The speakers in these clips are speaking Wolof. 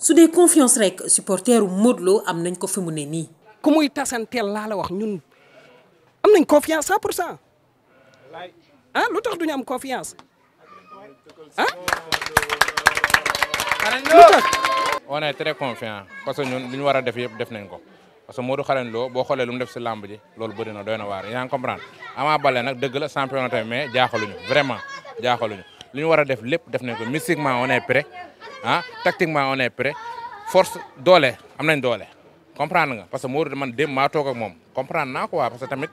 su dee confiance rek supporteru Modou am nañ ko fi mu ne nii. ku muy tasanteel laa la wax ñun am nañ confiance 100 pour cent ah lu tax duñu am confiance ah. on est très confiant parce que ñun lu ñu war a def yëpp def nañ ko. parce que Modou Xarañ Lo boo xoolee lu mu def si làmb ji loolu bëri na doy na waar yaa ngi comprendre Ama Baldé nag dëgg la champion tamit mais jaaxaluñu vraiment jaaxaluñu lu ñu war a def lépp def nañ ko mystiquement on est prêt ah tactiquement on est force doole am nañ doole comprendre nga parce que Modou man démb maa toog ak moom comprendre naa quoi parce que tamit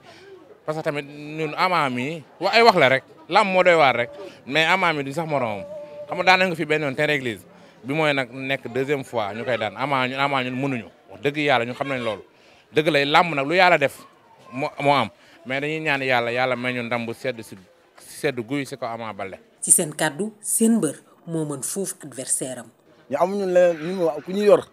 parce que tamit ñun Ama mi wa wax la rek làmb moo doy waar rek mais Ama mi du sax moromam xam nga daan nañ fi benn yoon terrain église bi mooy nag fois ñu koy daan Ama ñun Ama ñun dëgg yàlla ñu xam nañ loolu dëgg lay làmb nag lu yàlla def moo moo am mais dañuy ñaan yàlla yàlla may ñu ndam sedd si sedd guy si ko Ama Baldé ci seen kàddu seen mbër moo mën foofu adversaire am ñu amuñu leen ñun waa ku ñu yor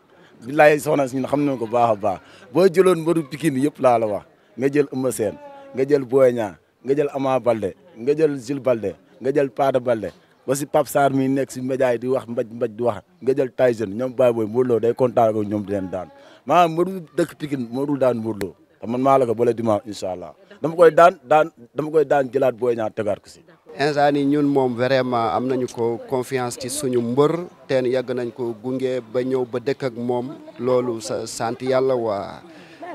billaay soxna si na xam nañ ko baax a baax boo jëloon mbaru Pikine yëpp laa la wax nga jël Eumeu Sène nga jël Boy Niang nga jël Ama balde nga jël Jules balde nga jël Paada Baldé ba si Pape Sarr mi nekk si média yi di wax mbaj mbaj di wax nga jël Tyson ñoom Baye Boye Modou Lo day kontaan ak ñoom di leen daan maanaam Modou dëkk Pikine Modou daan Modou Lo te man maa la ko bële dimanche incha allah dama koy daan daan dama koy daan jëlaat boo ñaar tegaat ko si. instant yi ñun moom vraiment am nañu ko confiance ci suñu mbër teen yàgg nañ ko gunge ba ñëw ba dëkk ak moom loolu sa sant yàlla waa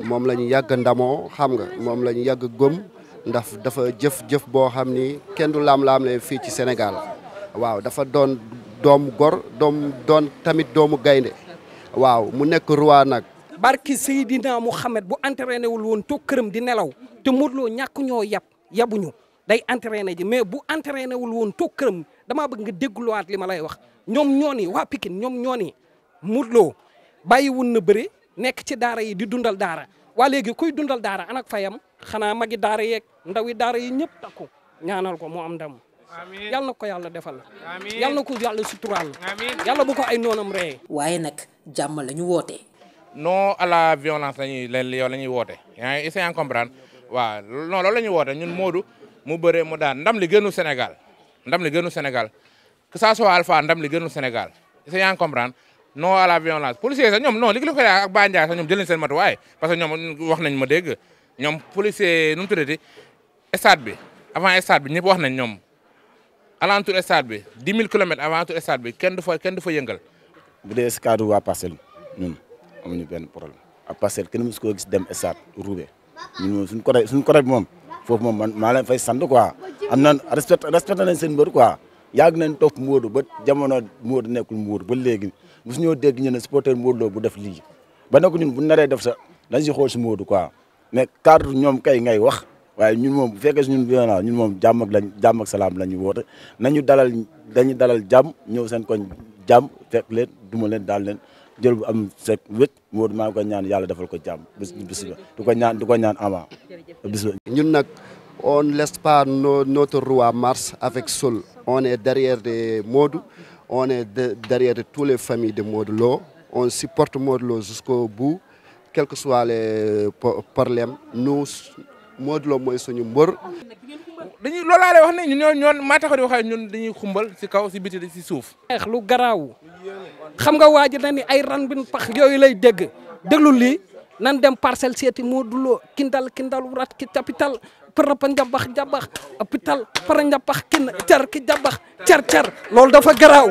moom la ñu yàgg ndamoo xam nga moom lañu ñu yàgg gëm ndax dafa jëf-jëf boo xam ni kenn du laam-laam fii ci Sénégal. waaw dafa doon doomu gor doom doon tamit doomu gaynde waaw mu nekk roi nag barki Seydina Mouhamed bu entraîné wul woon toog këram di nelaw te Modou Lo ñàkk ñoo yab yabuñu day entraîné ji mais bu entraîné wul woon toog këram damaa bëgg nga déggluwaat li ma lay wax ñoom ñoo ni waa Pikine ñoom ñoo ni Modou Lo bàyyi wun na bëri nekk ci daara yi di dundal daara waa léegi koy dundal daara anak fayam xanaa magi daara yeeg ndawi daara yi ñëpp takku ñaanal ko mu am ndam yàlla na ko yàlla defal yàlla na ko yàlla suturaal yàlla bu ko ay noonam ree waaye nag jàmm la ñu woote non à la violence lañuy la la ñuy woote yaa ngi essayer comprendre waaw non loolu la ñuy woote ñun Modou mu bëree mu daan ndam li gënu Sénégal ndam li gënu Sénégal que ça soit Alpha ndam li gënu Sénégal essayer comprendre non à la violence policiers sax ñoom non li ko ko ak Ba Ndiaye sax ñoom jël nañ seen matuwaay parce que ñoom wax nañ ma dégg ñoom policier nu mu tuddati stade bi avant stade bi ñëpp wax nañ ñoom alentour stade bi 10 000 kilomètres alentour stade bi kenn du fa kenn du fa yëngal. bu dee si cadre waa parcelle ñun amuñu benn problème waa parcelle kenn mësu koo gis dem stade Roubé ñun moom suñu suñu côté bi moom foofu moom man maa leen fay sant quoi am na respect respecté nañ seen mbër quoi yàgg nañ topp Modou ba jamono Modou nekkul Modou ba léegi mosu ñoo dégg ñu na supporter Modou Lo bu def lii ba ne ko ñun bu naree def sa dañ si xool si Modou quoi mais cadre ñoom kay ngay wax. waaye ñun moom bu fekkee ñun violence ñun moom jàmm ak lañ jàmm ak salaam la ñu woote nañu dalal dañu dalal jàmm ñëw seen koñ jàmm fekk leen duma leen daal leen jël bu am sek wét moo maa ko ñaan yàlla defal ko jàmm bis bis ba du ko ñaan du ko ñaan avant bis ba ñun nag on laisse pas notre roi Mars avec Saul on es derrière des Modou on est derrière toutes les familles de Modou Lo on supporte Modou Lo jusqu'au bout quel que soit les euh, problèmes nous Modou Lo mooy suñu mbër. dañuy loolaa wax ne ñun ñoo maa tax di wax ñun dañuy xumbal si kaw si biti si suuf. xeex lu garaaw xam nga waa ji na ni ay ran bin pax yooyu lay dëgg déglu lii nan dem parcelle seeti Modou Lo kindal kindal rat ki capital përëpa njabax njabax hôpital para njabax kin cer ki njabax cer cer loolu dafa garaaw.